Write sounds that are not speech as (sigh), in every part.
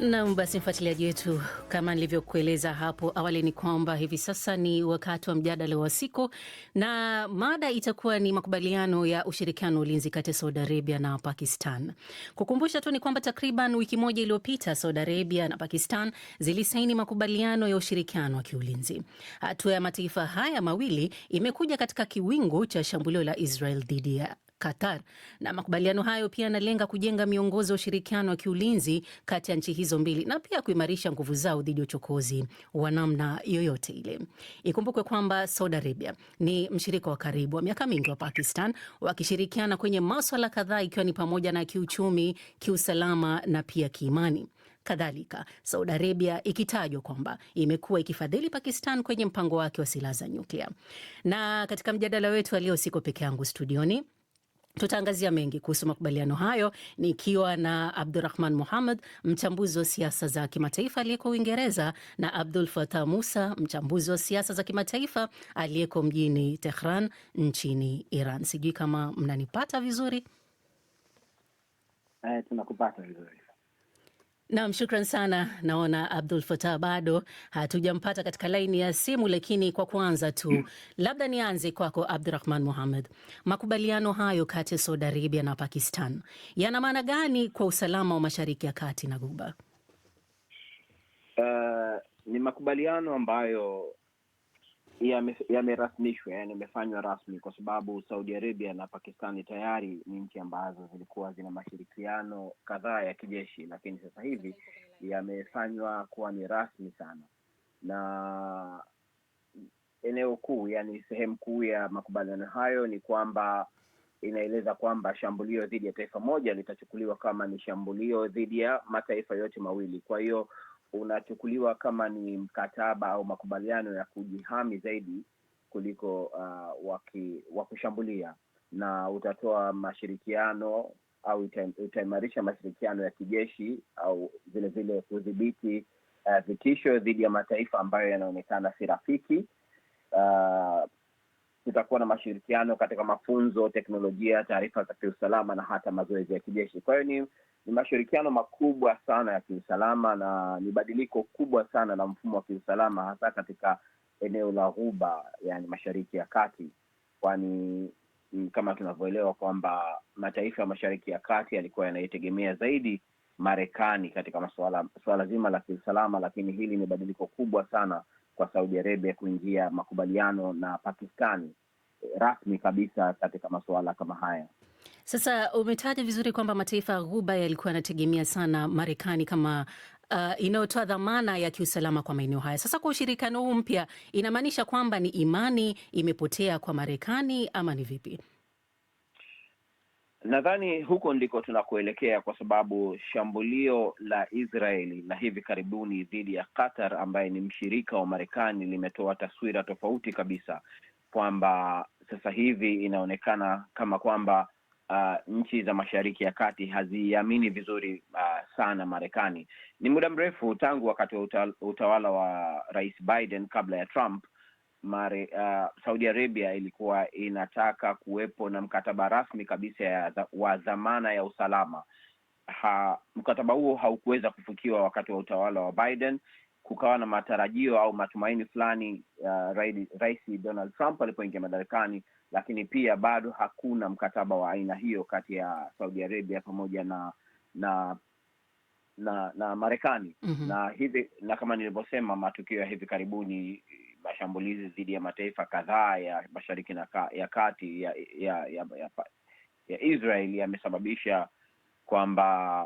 Nam basi, mfuatiliaji wetu, kama nilivyokueleza hapo awali, ni kwamba hivi sasa ni wakati wa mjadala wa siku, na mada itakuwa ni makubaliano ya ushirikiano ulinzi kati ya Saudi Arabia na Pakistan. Kukumbusha tu ni kwamba takriban wiki moja iliyopita Saudi Arabia na Pakistan zilisaini makubaliano ya ushirikiano wa kiulinzi. Hatua ya mataifa haya mawili imekuja katika kiwingu cha shambulio la Israel dhidi ya Qatar, na makubaliano hayo pia yanalenga kujenga miongozo ya ushirikiano wa kiulinzi kati ya nchi hizo mbili na pia kuimarisha nguvu zao dhidi ya uchokozi wa namna yoyote ile. Ikumbukwe kwamba Saudi Arabia ni mshirika wa karibu wa miaka mingi wa Pakistan, wakishirikiana kwenye maswala kadhaa ikiwa ni pamoja na kiuchumi, kiusalama na pia kiimani. Kadhalika, Saudi Arabia ikitajwa kwamba imekuwa ikifadhili Pakistan kwenye mpango wake wa silaha za nyuklia. Na katika mjadala wetu leo, siko peke yangu studioni Tutaangazia mengi kuhusu makubaliano hayo nikiwa na Abdurahman Muhammad, mchambuzi wa siasa za kimataifa aliyeko Uingereza, na Abdul Fatah Musa, mchambuzi wa siasa za kimataifa aliyeko mjini Tehran nchini Iran. Sijui kama mnanipata vizuri. Eh, tunakupata vizuri. Naam, shukran sana. Naona Abdul Fatah bado hatujampata katika laini ya simu, lakini kwa kwanza tu mm, labda nianze kwako Abdurahman Muhamed, makubaliano hayo kati ya Saudi Arabia na Pakistan yana maana gani kwa usalama wa Mashariki ya Kati na Guba? Uh, ni makubaliano ambayo yamerasmishwa ya yani yamefanywa rasmi kwa sababu Saudi Arabia na Pakistani tayari ni nchi ambazo zilikuwa zina mashirikiano kadhaa ya kijeshi, lakini sasa hivi yamefanywa kuwa ni rasmi sana, na eneo kuu, yani sehemu kuu ya makubaliano hayo ni kwamba inaeleza kwamba shambulio dhidi ya taifa moja litachukuliwa kama ni shambulio dhidi ya mataifa yote mawili. Kwa hiyo unachukuliwa kama ni mkataba au makubaliano ya kujihami zaidi kuliko uh, wa kushambulia na utatoa mashirikiano au utaimarisha mashirikiano ya kijeshi au vilevile kudhibiti uh, vitisho dhidi ya mataifa ambayo yanaonekana si rafiki uh, kutakuwa na mashirikiano katika mafunzo, teknolojia, taarifa za kiusalama na hata mazoezi ya kijeshi. Kwa hiyo ni, ni mashirikiano makubwa sana ya kiusalama na ni badiliko kubwa sana la mfumo wa kiusalama hasa katika eneo la Ghuba, yani Mashariki ya Kati, kwani mm, kama tunavyoelewa kwamba mataifa ya Mashariki ya Kati yalikuwa yanaitegemea zaidi Marekani katika masuala suala zima la kiusalama, lakini hili ni badiliko kubwa sana kwa Saudi Arabia kuingia makubaliano na Pakistani eh, rasmi kabisa katika masuala kama haya. Sasa umetaja vizuri kwamba mataifa ya Ghuba yalikuwa yanategemea sana Marekani kama uh, inayotoa dhamana ya kiusalama kwa maeneo haya. Sasa kwa ushirikiano huu mpya, inamaanisha kwamba ni imani imepotea kwa Marekani ama ni vipi? Nadhani huko ndiko tunakoelekea kwa sababu shambulio la Israeli la hivi karibuni dhidi ya Qatar ambaye ni mshirika wa Marekani limetoa taswira tofauti kabisa, kwamba sasa hivi inaonekana kama kwamba uh, nchi za Mashariki ya Kati haziamini vizuri uh, sana Marekani. Ni muda mrefu tangu wakati wa utawala wa Rais Biden kabla ya Trump Mare, uh, Saudi Arabia ilikuwa inataka kuwepo na mkataba rasmi kabisa ya, wa dhamana ya usalama ha, mkataba huo haukuweza kufikiwa wakati wa utawala wa Biden. Kukawa na matarajio au matumaini fulani uh, Rais Donald Trump alipoingia madarakani, lakini pia bado hakuna mkataba wa aina hiyo kati ya Saudi Arabia pamoja na na na na Marekani. mm -hmm. Na hivi na kama nilivyosema, matukio ya hivi karibuni mashambulizi dhidi ya mataifa kadhaa ya mashariki na ka, ya kati ya, ya, ya, ya, ya Israel yamesababisha kwamba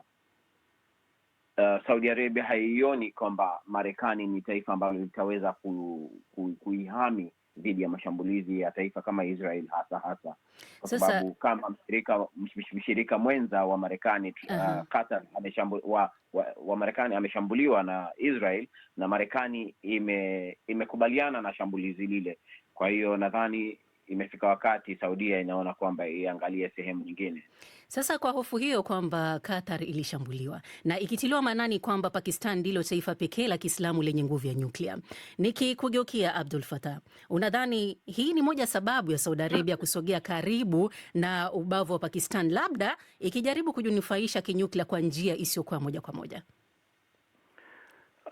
uh, Saudi Arabia haioni kwamba Marekani ni taifa ambalo litaweza kuihami ku, dhidi ya mashambulizi ya taifa kama Israel hasa hasa kwa sasa, sababu kama mshirika, mshirika mwenza wa Marekani uh -huh. uh, Qatar ameshambu, wa, wa, wa Marekani ameshambuliwa na Israel na Marekani ime, imekubaliana na shambulizi lile. Kwa hiyo nadhani imefika wakati Saudia inaona kwamba iangalie sehemu nyingine. Sasa kwa hofu hiyo kwamba Qatar ilishambuliwa na ikitiliwa maanani kwamba Pakistan ndilo taifa pekee la Kiislamu lenye nguvu ya nyuklia, nikikugeukia Abdul Fatah, unadhani hii ni moja sababu ya Saudi Arabia kusogea karibu na ubavu wa Pakistan, labda ikijaribu kujinufaisha kinyuklia kwa njia isiyokuwa moja kwa moja?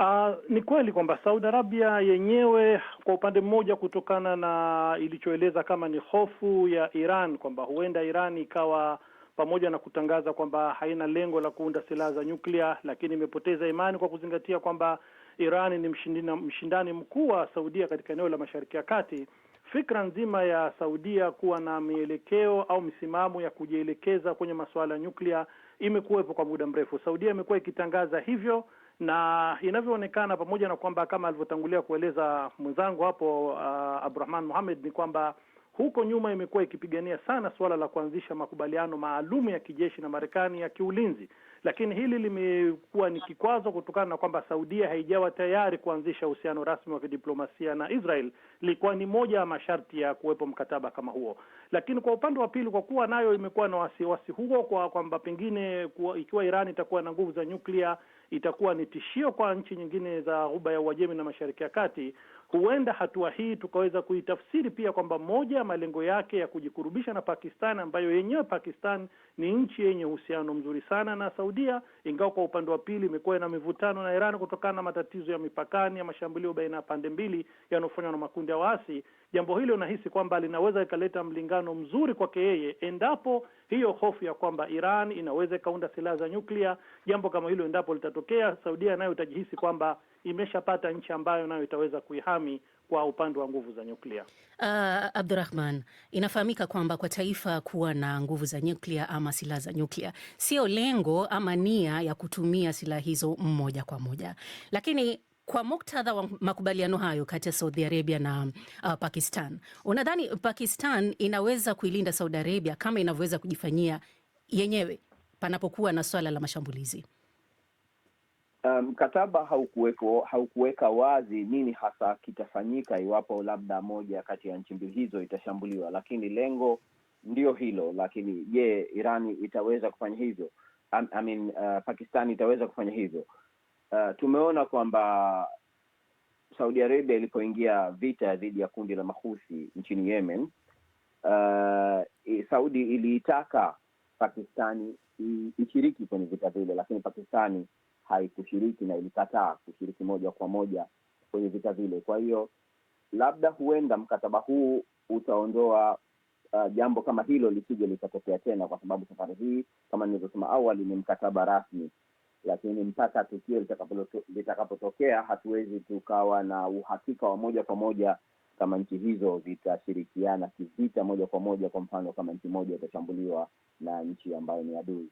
Uh, ni kweli kwamba Saudi Arabia yenyewe kwa upande mmoja, kutokana na ilichoeleza kama ni hofu ya Iran kwamba huenda Iran ikawa pamoja na kutangaza kwamba haina lengo la kuunda silaha za nyuklia, lakini imepoteza imani kwa kuzingatia kwamba Iran ni mshindina, mshindani mkuu wa Saudia katika eneo la Mashariki ya Kati. Fikra nzima ya Saudia kuwa na mielekeo au misimamo ya kujielekeza kwenye masuala ya nyuklia imekuwepo kwa muda mrefu. Saudia imekuwa ikitangaza hivyo na inavyoonekana, pamoja na kwamba kama alivyotangulia kueleza mwenzangu hapo uh, Abdurahman muhamed ni kwamba huko nyuma imekuwa ikipigania sana suala la kuanzisha makubaliano maalum ya kijeshi na Marekani ya kiulinzi, lakini hili limekuwa ni kikwazo kutokana na kwamba Saudia haijawa tayari kuanzisha uhusiano rasmi wa kidiplomasia na Israel. Ilikuwa ni moja ya masharti ya kuwepo mkataba kama huo, lakini kwa upande wa pili, kwa kuwa nayo imekuwa na wasiwasi huo kwa kwamba pengine kwa, ikiwa Iran itakuwa na nguvu za nyuklia itakuwa ni tishio kwa nchi nyingine za Ghuba ya Uajemi na Mashariki ya Kati. Huenda hatua hii tukaweza kuitafsiri pia kwamba moja ya malengo yake ya kujikurubisha na Pakistan, ambayo yenyewe Pakistan ni nchi yenye uhusiano mzuri sana na Saudia ingawa kwa upande wa pili imekuwa ina mivutano na Iran kutokana na matatizo ya mipakani ya mashambulio baina ya pande mbili yanayofanywa na makundi ya waasi. Jambo hilo nahisi kwamba linaweza ikaleta mlingano mzuri kwake yeye, endapo hiyo hofu ya kwamba Iran inaweza ikaunda silaha za nyuklia, jambo kama hilo endapo litatokea, Saudia nayo itajihisi kwamba imeshapata nchi ambayo nayo itaweza kuihami kwa upande wa nguvu za nyuklia. Uh, ah, Abdurahman, inafahamika kwamba kwa taifa kuwa na nguvu za nyuklia ama silaha za nyuklia sio lengo ama nia ya kutumia silaha hizo moja kwa moja, lakini kwa muktadha wa makubaliano hayo kati ya Saudi Arabia na uh, Pakistan, unadhani Pakistan inaweza kuilinda Saudi Arabia kama inavyoweza kujifanyia yenyewe panapokuwa na swala la mashambulizi? Um, mkataba um, haukuweko haukuweka wazi nini hasa kitafanyika iwapo labda moja kati ya nchi mbili hizo itashambuliwa, lakini lengo ndio hilo. Lakini je, Irani itaweza kufanya hivyo? I mean, uh, Pakistani itaweza kufanya hivyo? Uh, tumeona kwamba Saudi Arabia ilipoingia vita dhidi ya kundi la mahusi nchini Yemen, uh, Saudi iliitaka Pakistani ishiriki kwenye vita vile, lakini Pakistani haikushiriki na ilikataa kushiriki moja kwa moja kwenye vita vile. Kwa hiyo labda huenda mkataba huu utaondoa uh, jambo kama hilo lisije litatokea tena, kwa sababu safari hii kama nilivyosema awali ni mkataba rasmi, lakini mpaka tukio litakapotokea hatuwezi tukawa na uhakika wa moja kwa moja kama nchi hizo zitashirikiana kivita moja kwa moja. Kwa mfano, kama nchi moja itashambuliwa na nchi ambayo ni adui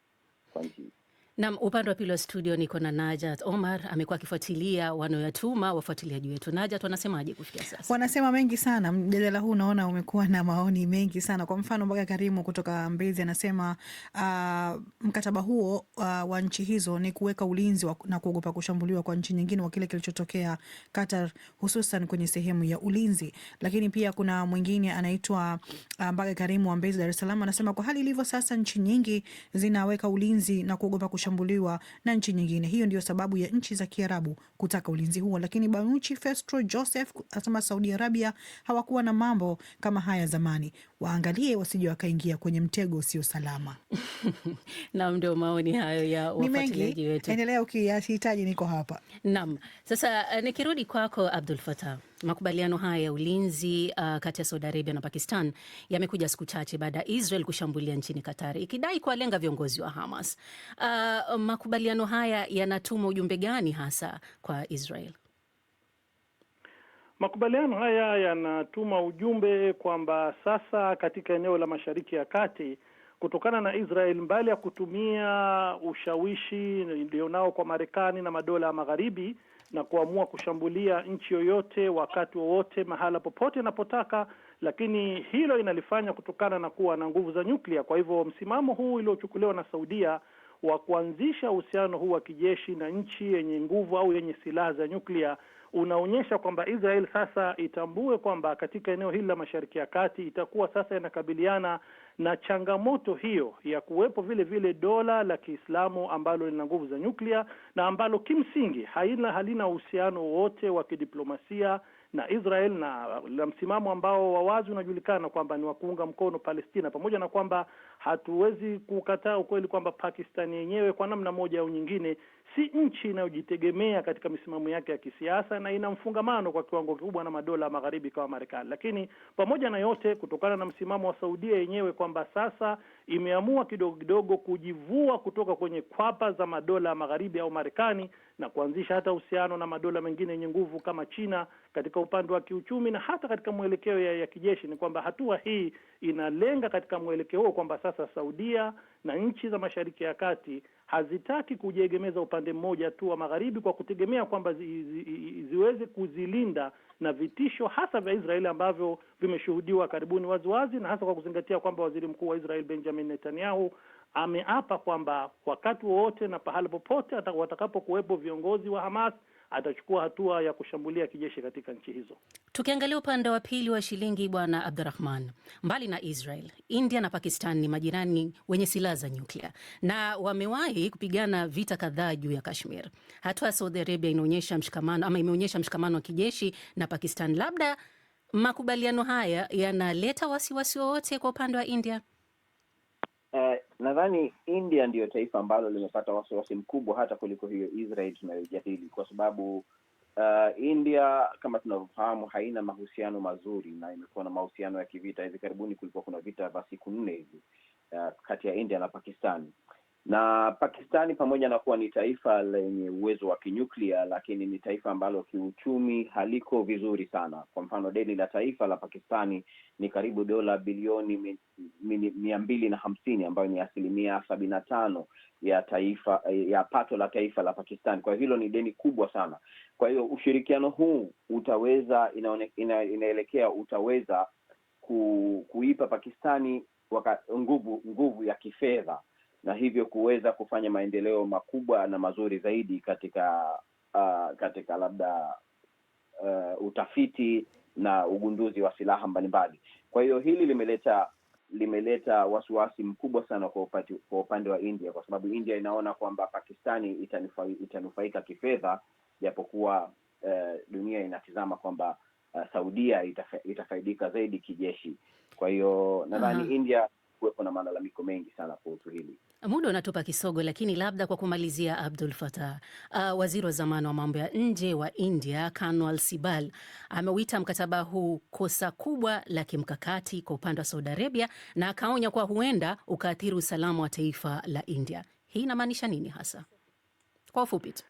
kwa nchi Nam upande wa pili wa studio niko na Najat Omar, amekuwa akifuatilia wanaoyatuma wafuatiliaji wetu. Najat, wanasemaje kufikia sasa? Wanasema mengi sana. Mjadala huu unaona umekuwa na maoni mengi sana. Kwa mfano Mbaga Karimu kutoka Mbezi anasema uh, mkataba huo uh, wa nchi hizo ni kuweka ulinzi wa, na kuogopa kushambuliwa kwa nchi nyingine wa kile kilichotokea Qatar, hususan kwenye sehemu ya ulinzi. Lakini pia kuna mwingine anaitwa uh, Mbaga Karimu wa Mbezi, Dar es Salaam, anasema kwa hali ilivyo sasa nchi nyingi zinaweka ulinzi na kuogopa kushambuliwa na nchi nyingine. Hiyo ndio sababu ya nchi za Kiarabu kutaka ulinzi huo. Lakini Banuchi Festro Joseph asema Saudi Arabia hawakuwa na mambo kama haya zamani, waangalie wasije wakaingia kwenye mtego usio salama. (laughs) Nam, ndio maoni hayo ya wafuatiliaji wetu. Endelea ukihitaji, niko hapa. Nam, sasa eh, nikirudi kwako Abdul Fatah. Makubaliano haya ya ulinzi uh, kati ya Saudi Arabia na Pakistan yamekuja siku chache baada ya Israel kushambulia nchini Qatar ikidai kuwalenga viongozi wa Hamas. Uh, makubaliano haya yanatuma ujumbe gani hasa kwa Israel? Makubaliano haya yanatuma ujumbe kwamba sasa katika eneo la Mashariki ya Kati kutokana na Israel mbali ya kutumia ushawishi ilionao kwa Marekani na madola ya Magharibi na kuamua kushambulia nchi yoyote wakati wowote mahala popote anapotaka, lakini hilo inalifanya kutokana na kuwa na nguvu za nyuklia. Kwa hivyo msimamo huu uliochukuliwa na Saudia wa kuanzisha uhusiano huu wa kijeshi na nchi yenye nguvu au yenye silaha za nyuklia unaonyesha kwamba Israel sasa itambue kwamba katika eneo hili la Mashariki ya Kati itakuwa sasa inakabiliana na changamoto hiyo ya kuwepo vile vile dola la Kiislamu ambalo lina nguvu za nyuklia na ambalo kimsingi haina halina uhusiano wote wa kidiplomasia na Israel na na msimamo ambao wawazi unajulikana kwamba ni wa kuunga mkono Palestina, pamoja na kwamba hatuwezi kukataa ukweli kwamba pakistani yenyewe kwa namna moja au nyingine si nchi inayojitegemea katika misimamo yake ya kisiasa na ina mfungamano kwa kiwango kikubwa na madola magharibi kama Marekani. Lakini pamoja na yote, kutokana na msimamo wa Saudia yenyewe kwamba sasa imeamua kidogo kidogo kujivua kutoka kwenye kwapa za madola ya magharibi au Marekani na kuanzisha hata uhusiano na madola mengine yenye nguvu kama China katika upande wa kiuchumi na hata katika mwelekeo ya, ya kijeshi, ni kwamba hatua hii inalenga katika mwelekeo huo kwamba sasa Saudia na nchi za Mashariki ya Kati hazitaki kujiegemeza upande mmoja tu wa magharibi kwa kutegemea kwamba zi, zi, ziweze kuzilinda na vitisho hasa vya Israeli ambavyo vimeshuhudiwa karibuni waziwazi, na hasa kwa kuzingatia kwamba waziri mkuu wa Israel Benjamin Netanyahu ameapa kwamba wakati wowote na pahala popote watakapokuwepo viongozi wa Hamas atachukua hatua ya kushambulia kijeshi katika nchi hizo. Tukiangalia upande wa pili wa shilingi, Bwana Abdurahman, mbali na Israel, India na Pakistan ni majirani wenye silaha za nyuklia na wamewahi kupigana vita kadhaa juu ya Kashmir. Hatua ya Saudi Arabia inaonyesha mshikamano ama imeonyesha mshikamano wa kijeshi na Pakistan. Labda makubaliano haya yanaleta wasiwasi wowote kwa upande wa India? Uh, Nadhani India ndiyo taifa ambalo limepata wasiwasi mkubwa hata kuliko hiyo Israel tunayojadili, kwa sababu uh, India kama tunavyofahamu haina mahusiano mazuri na imekuwa na mahusiano ya kivita. Hivi karibuni kulikuwa kuna vita vya siku nne hivi uh, kati ya India na pakistani na Pakistani pamoja na kuwa ni taifa lenye uwezo wa kinyuklia, lakini ni taifa ambalo kiuchumi haliko vizuri sana. Kwa mfano, deni la taifa la Pakistani ni karibu dola bilioni mia mbili na hamsini ambayo ni asilimia sabini na tano ya taifa ya pato la taifa la pakistani Kwa hilo ni deni kubwa sana. Kwa hiyo ushirikiano huu utaweza inaone, ina, inaelekea utaweza ku, kuipa Pakistani waka, nguvu nguvu ya kifedha na hivyo kuweza kufanya maendeleo makubwa na mazuri zaidi katika uh, katika labda uh, utafiti na ugunduzi wa silaha mbalimbali. Kwa hiyo hili limeleta limeleta wasiwasi mkubwa sana kwa upande kwa upande wa India, kwa sababu India inaona kwamba Pakistani itanufaika kifedha, japokuwa uh, dunia inatizama kwamba uh, Saudia itafa, itafaidika zaidi kijeshi. Kwa hiyo nadhani mhm. India kuwepo na malalamiko mengi sana kuhusu hili. Muda unatupa kisogo, lakini labda kwa kumalizia, Abdul Fatah, uh, waziri wa zamani wa mambo ya nje wa India Kanwal Sibal ameuita mkataba huu kosa kubwa la kimkakati kwa upande wa Saudi Arabia na akaonya kuwa huenda ukaathiri usalama wa taifa la India. Hii inamaanisha nini hasa, kwa ufupi tu?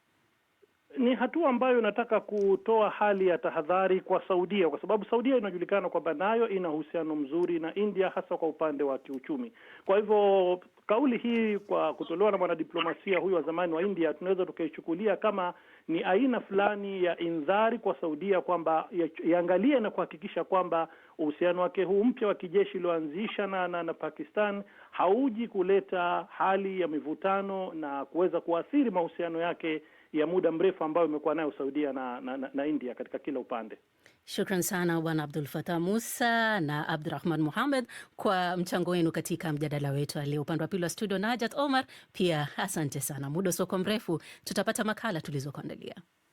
ni hatua ambayo inataka kutoa hali ya tahadhari kwa Saudia, kwa sababu Saudia inajulikana kwamba nayo ina uhusiano mzuri na India, hasa kwa upande wa kiuchumi. Kwa hivyo kauli hii kwa kutolewa na mwanadiplomasia huyu wa zamani wa India, tunaweza tukaichukulia kama ni aina fulani ya indhari kwa Saudia kwamba iangalie na kuhakikisha kwamba uhusiano wake huu mpya wa kijeshi ulioanzisha na, na, na Pakistan hauji kuleta hali ya mivutano na kuweza kuathiri mahusiano yake ya muda mrefu ambayo imekuwa nayo Saudia na, na, na, na India katika kila upande. Shukran sana Bwana Abdul Fatah Musa na Abdurahman Muhamed kwa mchango wenu katika mjadala wetu. Aliye upande wa pili wa studio Najat Omar, pia asante sana. Muda usiokuwa mrefu tutapata makala tulizokuandalia.